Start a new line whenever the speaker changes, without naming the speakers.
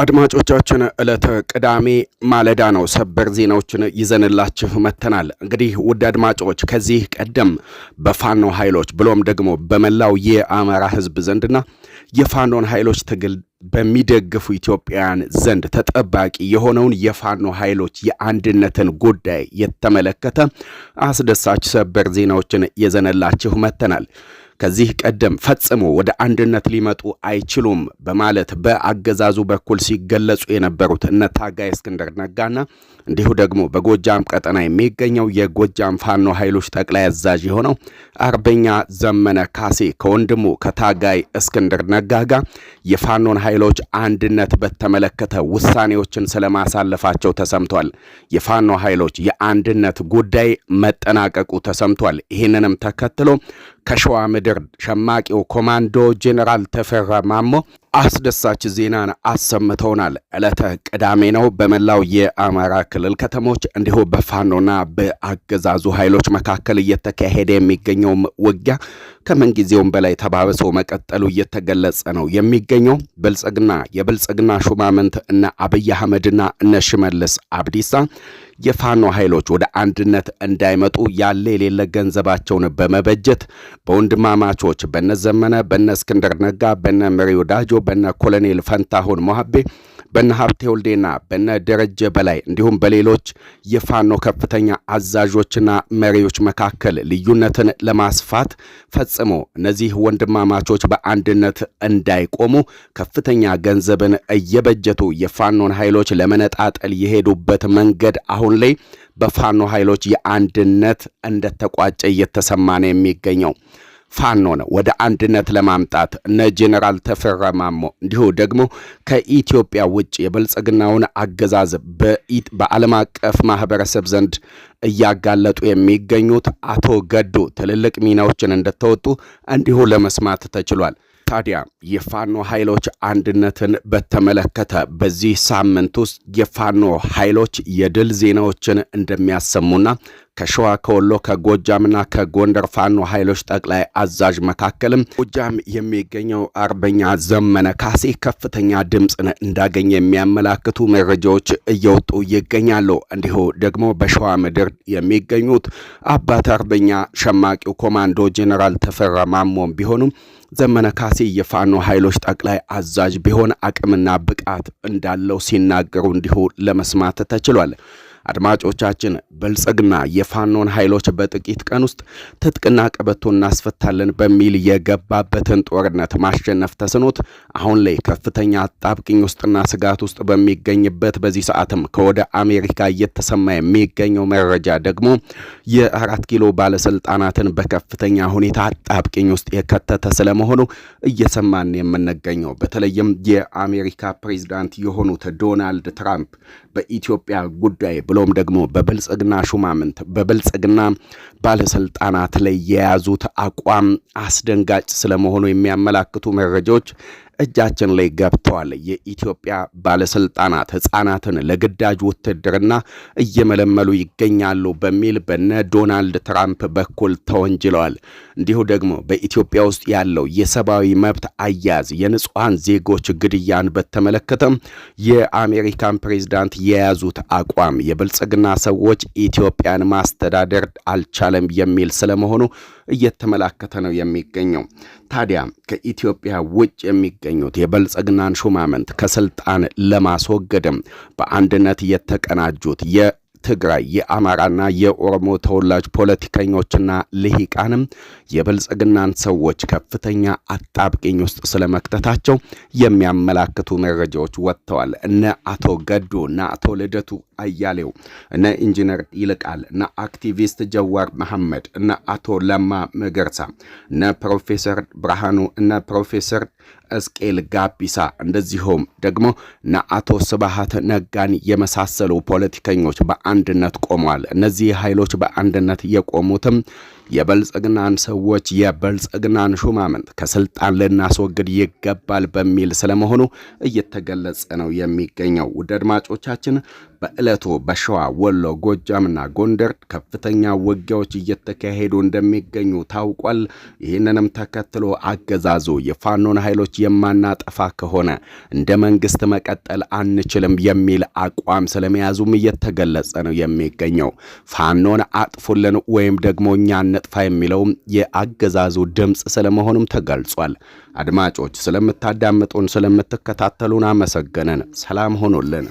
አድማጮቻችን ዕለተ ቅዳሜ ማለዳ ነው ሰበር ዜናዎችን ይዘንላችሁ መጥተናል። እንግዲህ ውድ አድማጮች ከዚህ ቀደም በፋኖ ኃይሎች ብሎም ደግሞ በመላው የአማራ ሕዝብ ዘንድና የፋኖን ኃይሎች ትግል በሚደግፉ ኢትዮጵያውያን ዘንድ ተጠባቂ የሆነውን የፋኖ ኃይሎች የአንድነትን ጉዳይ የተመለከተ አስደሳች ሰበር ዜናዎችን ይዘንላችሁ መጥተናል። ከዚህ ቀደም ፈጽሞ ወደ አንድነት ሊመጡ አይችሉም በማለት በአገዛዙ በኩል ሲገለጹ የነበሩት እነ ታጋይ እስክንድር ነጋና እንዲሁ ደግሞ በጎጃም ቀጠና የሚገኘው የጎጃም ፋኖ ኃይሎች ጠቅላይ አዛዥ የሆነው አርበኛ ዘመነ ካሴ ከወንድሙ ከታጋይ እስክንድር ነጋ ጋር የፋኖን ኃይሎች አንድነት በተመለከተ ውሳኔዎችን ስለማሳለፋቸው ተሰምቷል። የፋኖ ኃይሎች የአንድነት ጉዳይ መጠናቀቁ ተሰምቷል። ይህንንም ተከትሎ ከሸዋ ምድር ሸማቂው ኮማንዶ ጄኔራል ተፈራ ማሞ አስደሳች ዜናን አሰምተውናል። ዕለተ ቅዳሜ ነው። በመላው የአማራ ክልል ከተሞች እንዲሁም በፋኖና በአገዛዙ ኃይሎች መካከል እየተካሄደ የሚገኘውም ውጊያ ከምንጊዜውም በላይ ተባብሶ መቀጠሉ እየተገለጸ ነው የሚገኘው። ብልጽግና የብልጽግና ሹማምንት እነ አብይ አህመድና እነ ሽመልስ አብዲሳ የፋኖ ኃይሎች ወደ አንድነት እንዳይመጡ ያለ የሌለ ገንዘባቸውን በመበጀት በወንድማማቾች በነ ዘመነ፣ በነ እስክንድር ነጋ፣ በነ መሪ ወዳጆ፣ በነ ኮሎኔል ፈንታሁን ሞሀቤ በነ ሀብቴ ወልዴና በነ ደረጀ በላይ እንዲሁም በሌሎች የፋኖ ከፍተኛ አዛዦችና መሪዎች መካከል ልዩነትን ለማስፋት ፈጽሞ እነዚህ ወንድማማቾች በአንድነት እንዳይቆሙ ከፍተኛ ገንዘብን እየበጀቱ የፋኖን ኃይሎች ለመነጣጠል የሄዱበት መንገድ አሁን ላይ በፋኖ ኃይሎች የአንድነት እንደተቋጨ እየተሰማ ነው የሚገኘው። ፋኖ ነው ወደ አንድነት ለማምጣት እነ ጄኔራል ተፈራ ማሞ እንዲሁ ደግሞ ከኢትዮጵያ ውጭ የብልጽግናውን አገዛዝ በዓለም አቀፍ ማህበረሰብ ዘንድ እያጋለጡ የሚገኙት አቶ ገዱ ትልልቅ ሚናዎችን እንደተወጡ እንዲሁ ለመስማት ተችሏል። ታዲያ የፋኖ ኃይሎች አንድነትን በተመለከተ በዚህ ሳምንት ውስጥ የፋኖ ኃይሎች የድል ዜናዎችን እንደሚያሰሙና ከሸዋ ከወሎ ከጎጃምና ከጎንደር ፋኖ ኃይሎች ጠቅላይ አዛዥ መካከልም ጎጃም የሚገኘው አርበኛ ዘመነ ካሴ ከፍተኛ ድምፅን እንዳገኘ የሚያመላክቱ መረጃዎች እየወጡ ይገኛሉ። እንዲሁ ደግሞ በሸዋ ምድር የሚገኙት አባት አርበኛ ሸማቂው ኮማንዶ ጄኔራል ተፈራ ማሞም ቢሆኑም ዘመነ ካሴ የፋኖ ኃይሎች ጠቅላይ አዛዥ ቢሆን አቅምና ብቃት እንዳለው ሲናገሩ እንዲሁ ለመስማት ተችሏል። አድማጮቻችን ብልጽግና የፋኖን ኃይሎች በጥቂት ቀን ውስጥ ትጥቅና ቀበቶ እናስፈታለን በሚል የገባበትን ጦርነት ማሸነፍ ተስኖት አሁን ላይ ከፍተኛ አጣብቅኝ ውስጥና ስጋት ውስጥ በሚገኝበት በዚህ ሰዓትም ከወደ አሜሪካ እየተሰማ የሚገኘው መረጃ ደግሞ የአራት ኪሎ ባለስልጣናትን በከፍተኛ ሁኔታ አጣብቅኝ ውስጥ የከተተ ስለመሆኑ እየሰማን የምንገኘው በተለይም የአሜሪካ ፕሬዚዳንት የሆኑት ዶናልድ ትራምፕ በኢትዮጵያ ጉዳይ ብሎም ደግሞ በብልጽግና ሹማምንት በብልጽግና ባለስልጣናት ላይ የያዙት አቋም አስደንጋጭ ስለመሆኑ የሚያመላክቱ መረጃዎች እጃችን ላይ ገብተዋል። የኢትዮጵያ ባለስልጣናት ህጻናትን ለግዳጅ ውትድርና እየመለመሉ ይገኛሉ በሚል በነ ዶናልድ ትራምፕ በኩል ተወንጅለዋል። እንዲሁ ደግሞ በኢትዮጵያ ውስጥ ያለው የሰብአዊ መብት አያያዝ የንጹሐን ዜጎች ግድያን በተመለከተም የአሜሪካን ፕሬዝዳንት የያዙት አቋም የብልጽግና ሰዎች ኢትዮጵያን ማስተዳደር አልቻለም የሚል ስለመሆኑ እየተመላከተ ነው የሚገኘው። ታዲያ ከኢትዮጵያ ውጭ የሚገኝ የሚገኙት የበልጽግናን ሹማምንት ከስልጣን ለማስወገድም በአንድነት የተቀናጁት የትግራይ የአማራና የኦሮሞ ተወላጅ ፖለቲከኞችና ልሂቃንም የብልጽግናን ሰዎች ከፍተኛ አጣብቂኝ ውስጥ ስለመክተታቸው የሚያመላክቱ መረጃዎች ወጥተዋል። እነ አቶ ገዱ እነ አቶ ልደቱ አያሌው እነ ኢንጂነር ይልቃል እነ አክቲቪስት ጀዋር መሐመድ እነ አቶ ለማ መገርሳ እነ ፕሮፌሰር ብርሃኑ እነ ፕሮፌሰር እስቄል ጋቢሳ እንደዚሁም ደግሞ እነ አቶ ስብሃት ነጋን የመሳሰሉ ፖለቲከኞች በአንድነት ቆመዋል። እነዚህ ኃይሎች በአንድነት የቆሙትም የበልጽግናን ሰዎች የበልጽግናን ሹማምንት ከስልጣን ልናስወግድ ይገባል በሚል ስለመሆኑ እየተገለጸ ነው የሚገኘው። ውድ አድማጮቻችን በዕለቱ በሸዋ ወሎ፣ ጎጃምና ጎንደር ከፍተኛ ውጊያዎች እየተካሄዱ እንደሚገኙ ታውቋል። ይህንንም ተከትሎ አገዛዙ የፋኖን ኃይሎች የማናጠፋ ከሆነ እንደ መንግስት መቀጠል አንችልም የሚል አቋም ስለመያዙም እየተገለጸ ነው የሚገኘው። ፋኖን አጥፉልን ወይም ደግሞ እኛ ነጥፋ የሚለውም የአገዛዙ ድምፅ ስለመሆኑም ተገልጿል። አድማጮች ስለምታዳምጡን ስለምትከታተሉን አመሰገንን። ሰላም ሆኖልን